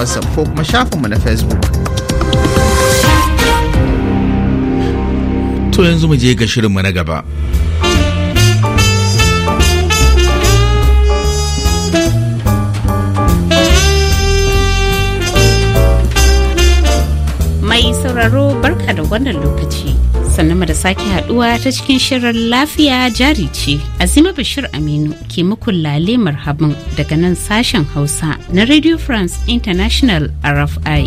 WhatsApp ko kuma shafinmu na Facebook. To yanzu mu je ga mu na gaba. sauraro barka da wannan lokaci. Sannan da sake haduwa ta cikin shirin lafiya jari ce. Azima Bashir Aminu ke muku lale marhaban daga nan sashen Hausa na Radio France International RFI.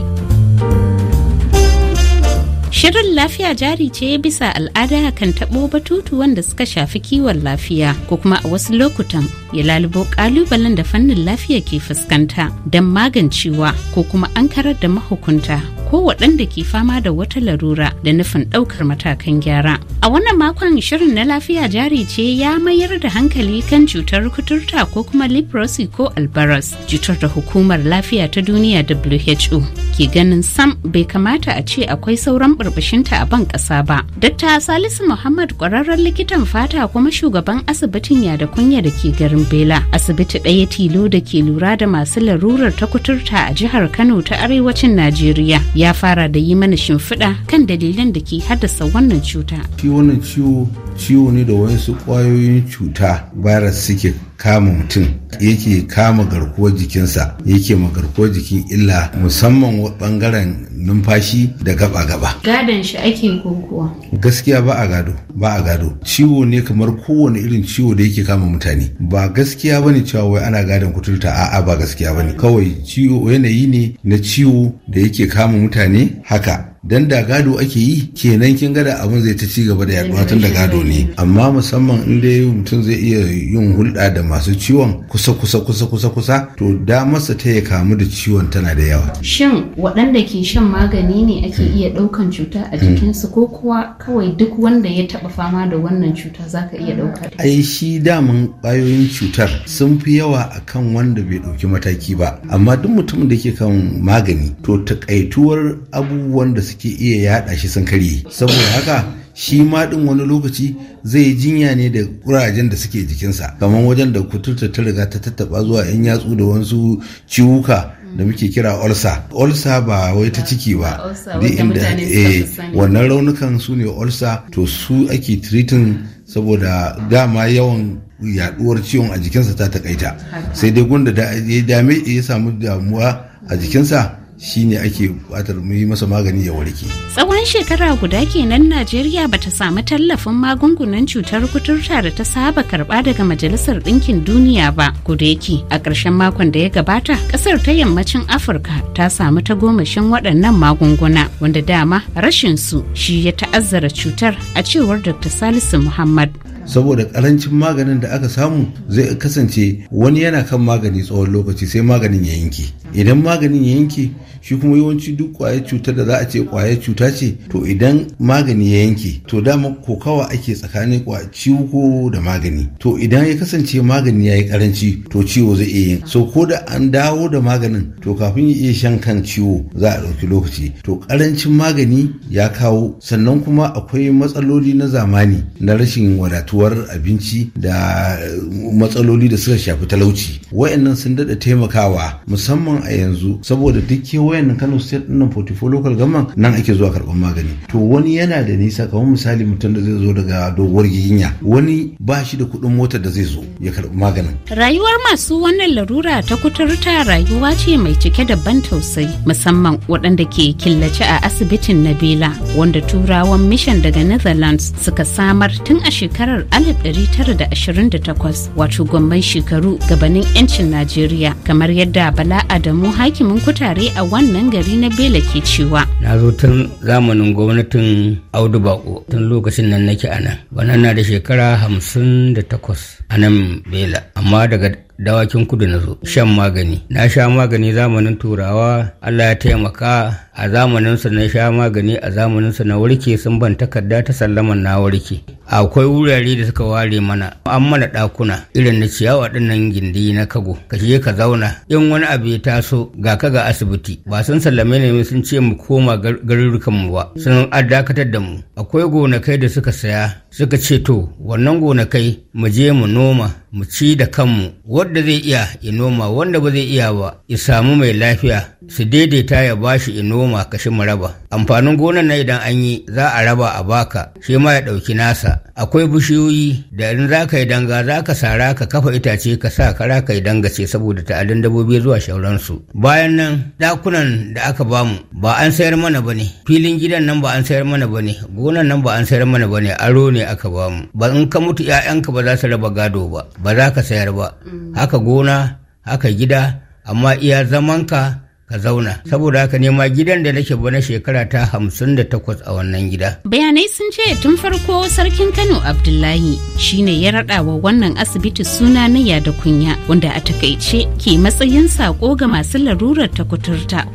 Shirin lafiya jari ce bisa al'ada kan taɓo batutu wanda suka shafi kiwon lafiya ko kuma a wasu lokutan ya lalubo ƙalubalen da fannin lafiya ke fuskanta don magancewa ko kuma an karar da mahukunta ko waɗanda ke fama da wata larura da nufin ɗaukar matakan gyara. A wannan makon shirin na lafiya jari ce ya mayar da hankali kan cutar kuturta ko kuma leprosy ko albaras cutar da hukumar lafiya ta duniya WHO ke ganin sam bai kamata a ce akwai sauran burbushinta a ban ƙasa ba. Dokta Salisu Muhammad ƙwararren likitan fata kuma shugaban asibitin ya da kunya da ke garin Bela asibiti ɗaya tilo da ke lura da masu larurar ta kuturta a jihar Kano ta arewacin Najeriya. ya fara da yi mana shimfiɗa kan dalilan da ke haddasa wannan cuta. Shi wannan ciwo ciwo ne da wasu kwayoyin cuta virus suke kama mutum yake kama garkuwar jikinsa yake ma garkuwar jikin illa musamman bangaren numfashi da gaba-gaba. Gadon shi ake kokowa. Gaskiya ba a gado, ba a gado. Ciwo ne kamar kowane irin ciwo da yake kama mutane. Ba gaskiya bane cewa wai ana gadon kutulta a'a ba gaskiya bane. Kawai ciwo yanayi ne na ciwo da yake kama mutane haka dan da gado ake yi kenan kin gada abin zai ta ci gaba da yaduwa tun da gado ne amma musamman in dai mutum zai iya yin hulɗa da masu ciwon kusa kusa kusa kusa kusa to masa ta ya kamu da ciwon tana da yawa shin waɗanda ke shan magani ne ake iya ɗaukan cuta a jikinsu ko kuwa kawai duk wanda ya taɓa fama da wannan cuta zaka iya ɗauka ai shi daman ƙwayoyin cutar sun fi yawa akan wanda bai ɗauki mataki ba amma duk mutumin da ke kan magani to takaituwar abubuwan da suke iya yaɗa shi sun karye saboda haka shi ma ɗin wani lokaci zai jinya ne da kurajen da suke jikinsa kamar wajen da kuturta ta riga ta tattaba zuwa 'yan yatsu da wasu ciwuka da muke kira olsa ulsa ba wai ta ciki ba da inda eh, wannan raunukan su ne olsa to su ake tiritin saboda dama yawan yaduwar ciwon a jikinsa ta takaita sai dai gunda da ya dame ya samu damuwa a jikinsa shine ake buƙatar mu yi masa magani ya warke. Tsawon shekara guda kenan Najeriya ba ta samu tallafin magungunan cutar kuturta da ta saba karɓa daga Majalisar Ɗinkin Duniya ba. Kuda yake a ƙarshen makon da ya gabata ƙasar ta yammacin Afirka ta samu tagomashin waɗannan magunguna wanda dama rashin su shi ya ta'azzara cutar a cewar Dr. Salisu Muhammad. saboda karancin maganin da aka samu zai kasance wani yana kan magani tsawon lokaci sai maganin ya yanke idan maganin ya yanke shi kuma yawanci duk kwayar cutar da za a ce kwayar cuta ce to idan magani ya yanke to dama kokawa ake tsakanin ciwo da magani to idan ya kasance magani ya yi karanci to ciwo zai iya yin so ko da an dawo da maganin to kafin ya iya shan kan ciwo za a ɗauki lokaci to karancin magani ya kawo sannan kuma akwai matsaloli na zamani na rashin wadatu mutuwar abinci da uh, matsaloli da suka shafi talauci wayannan sun dada taimakawa musamman a yanzu saboda duk kewayen kano state nan 44 local government nan ake zuwa karban magani to wani yana da nisa kamar misali mutum da zai zo daga doguwar giginya wani ba shi da kuɗin motar da zai zo ya karɓi magani. rayuwar masu wannan larura ta kuturta rayuwa ce mai cike da ban tausayi musamman waɗanda ke killace a asibitin nabila wanda turawan mission daga netherlands suka samar tun a shekarar 1928 wato gwamman shekaru gabanin 'yancin Najeriya kamar yadda Bala Adamu hakimin kutare a wannan gari na Bela ke cewa. Na zo tun zamanin gwamnatin Audu Bako tun lokacin nan nake a nan. Wannan na da shekara 58 a nan Bela amma daga dawakin kudu na zo shan magani na sha magani zamanin turawa allah ya taimaka a zamaninsa na sha magani a zamanin su na warke sun ban takarda ta sallaman na warke akwai wurare da suka ware mana an mana ɗakuna irin na ciyawa ɗannan gindi na kago ka je ka zauna in wani abu ya taso ga ka ga asibiti ba sun sallame ne sun ce mu koma garurukan mu ba sun dakatar da mu akwai gonakai da suka saya suka ce to wannan gonakai mu je mu noma mu ci da kanmu wanda zai iya inoma, wanda ba zai iya ba ya samu mai lafiya su daidaita ya bashi inoma kashi maraba amfanin gonan na idan an yi za a raba a baka shi ma ya ɗauki nasa akwai bishiyoyi da in za ka yi danga za ka sara ka kafa itace ka sa ka ka yi danga ce saboda ta'adin dabobi zuwa shauransu bayan nan dakunan da aka bamu ba an sayar mana ba ne filin gidan nan ba an sayar mana ba ne gonan nan ba an sayar mana ba ne aro ne aka bamu ba in ka mutu 'ya'yanka ba za su raba gado ba ba za ka sayar ba mm. haka gona haka gida amma iya zamanka ka zauna saboda haka ne ma gidan da nake bana shekara ta hamsin da takwas a wannan gida. bayanai sun ce tun farko sarkin kano abdullahi shine ya raɗa wa wannan asibiti suna na yada kunya wanda a takaice ke matsayin sako ga masu larurar ta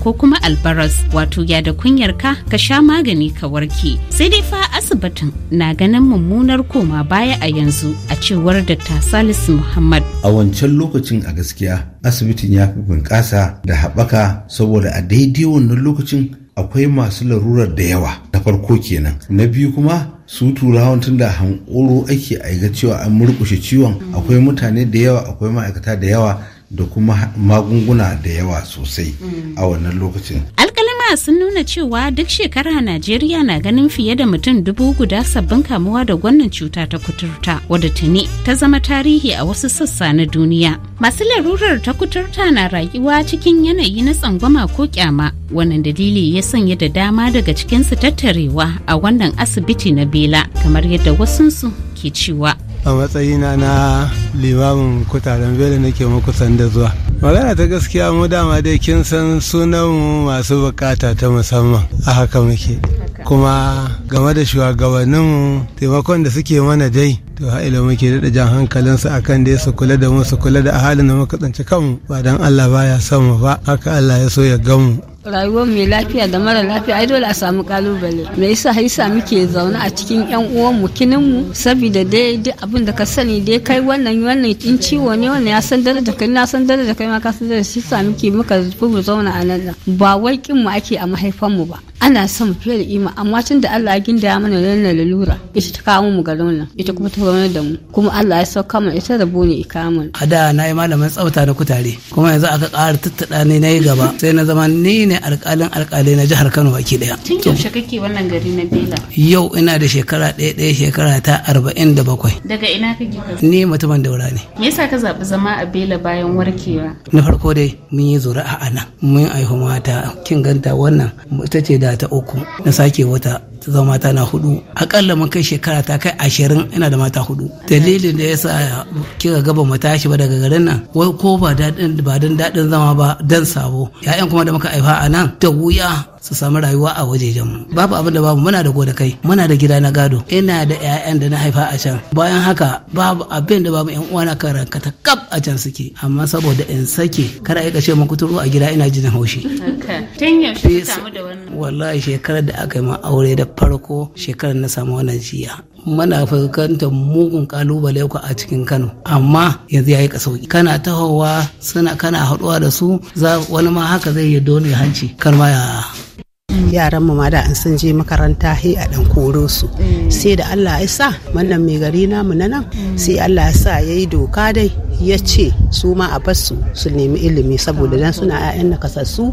ko kuma albaras wato yada kunyar ka ka sha magani ka warke sai dai fa asibitin na ganin mummunar koma baya a yanzu a cewar dr salisu muhammad a wancan lokacin a gaskiya asibitin ya fi bunƙasa da haɓaka saboda a daidai wannan lokacin akwai masu larurar da yawa na farko kenan na biyu kuma su turawan tun da hankoro ake aiga cewa an murkushe ciwon akwai mutane da yawa akwai ma'aikata da yawa da kuma magunguna da yawa sosai a wannan lokacin alƙaluma sun nuna cewa duk shekara Najeriya na ganin fiye da mutum dubu guda sabbin kamuwa da wannan cuta ta kuturta wadda tuni ta zama tarihi a wasu sassa na duniya. Masu larurar ta kuturta na rayuwa cikin yanayi na tsangwama ko kyama wannan dalili ya sanya da dama daga cikinsu tattarewa a wannan asibiti na Bela kamar yadda wasunsu ke cewa. A matsayina na limamin kutaren Bela nake muku sanda zuwa. magana ta gaskiya mu dama dai kin san sunan masu bukata ta musamman a haka muke kuma game da shugabannin taimakon da suke mana dai to ha'ila muke daɗa jan hankalinsu akan dai su kula da mu su kula da halin da muka tsanci kanmu ba dan Allah baya son mu ba haka Allah ya so ya gamu rayuwar mai lafiya da mara lafiya ai dole a samu kalubale me yasa haisa muke zaune a cikin yan uwan mu kinin mu saboda dai duk abin da ka sani dai kai wannan wannan in ciwo ne wannan ya san dare da kai na san dare da kai ma ka san dare shi sa muke muka fi mu zauna a nan ba wai kin mu ake a mahaifan mu ba ana son fiye da ima amma tun da Allah ya gindaya mana wannan lalura ita ta kawo mu garin nan ita kuma ta zama da mu kuma Allah ya sauka mana ita da bone ikamun a da na yi malamin tsafta na kutare kuma yanzu aka ƙara tattaɗa ne na yi gaba sai na zama ni ne Alƙalin alƙalai na jihar Kano baki ɗaya. Tun yaushe kake wannan gari na Bela? Yau ina da shekara ɗaya ɗaya shekara ta arba'in da bakwai. Daga ina kake ka? Ni mutumin daura ne. Me yasa ka zaɓi zama a Bela bayan warkewa? Na farko dai mun yi zuri'a a nan mun aihu mata kin ganta wannan ita ce da ta uku na sake wata ta zama mata na hudu akalla mun kai shekara ta kai ashirin ina da mata hudu dalilin da ya sa kika gaba mu tashi ba daga garin nan wai ko ba dan daɗin zama ba dan sabo ya'yan kuma da muka haifa a nan da wuya su samu rayuwa a wajejen mu babu abin da babu muna da kai muna da gida na gado ina da ƴaƴan da na haifa a can bayan haka babu abin da babu ƴan uwana kan ta kaf a can suke amma saboda in sake kar a yi mun kuturo a gida ina jin haushi tun yaushe samu da wannan wallahi shekarar da aka yi ma aure da farko shekarar na samu wannan jiya muna fuskantar mugun kalubale ku a cikin kano amma yanzu yayi kasauki kana tahowa suna kana haɗuwa da su wani ma haka zai yi dole hanci kar ma ya yaran mu ma da an sun je makaranta he a dan koro su mm. sai da Allah ya sa wannan mai gari namu na nan mm. sai Allah ya sa yayi doka dai ya ce su ma a basu su nemi ilimi saboda dan suna 'ya'yan nakasassu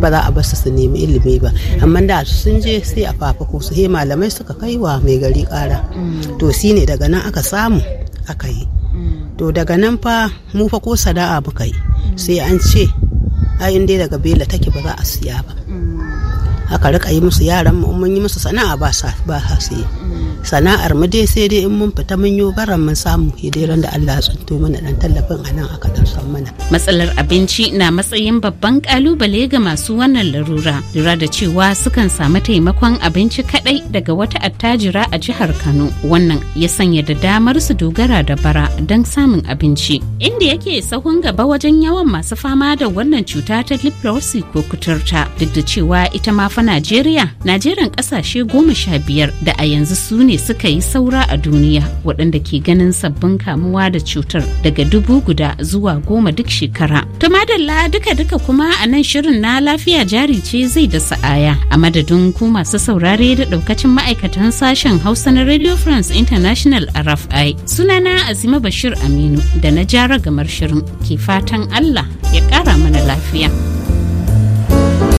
ba za a basu su nemi ilimi ba mm. amma da sun je sai a fafako su he malamai suka kai wa mai gari kara to shine daga nan aka samu aka yi to daga nan fa mu fa ko sada'a muka yi sai an ce ayin dai daga bela take ba za a siya ba aka rika yi musu yaran mu mun yi musu sana'a ba sa ba ha sai sana'ar mu dai sai dai in mun fita mun yi baran mun samu hidiran da Allah ya tsunto mana dan tallafin a nan aka san mana matsalar abinci na matsayin babban kalubale ga masu wannan larura lura da cewa sukan samu taimakon abinci kadai daga wata attajira a jihar Kano wannan ya sanya da damar su dogara da bara don samun abinci inda yake sahun gaba wajen yawan masu fama da wannan cuta ta leprosy ko kuturta duk da cewa ita ma fa Najeriya, Najeriyan kasashe goma sha biyar da a yanzu su ne suka yi saura a duniya waɗanda ke ganin sabbin kamuwa da cutar daga dubu guda zuwa goma duk shekara. To madalla duka-duka kuma a nan shirin na lafiya jari ce zai da sa'aya a madadin ku masu saurare da ɗaukacin ma'aikatan sashen Hausa na Radio France International RFI. Sunana Azima Bashir Aminu da na jara gamar shirin ke fatan Allah ya ƙara mana lafiya.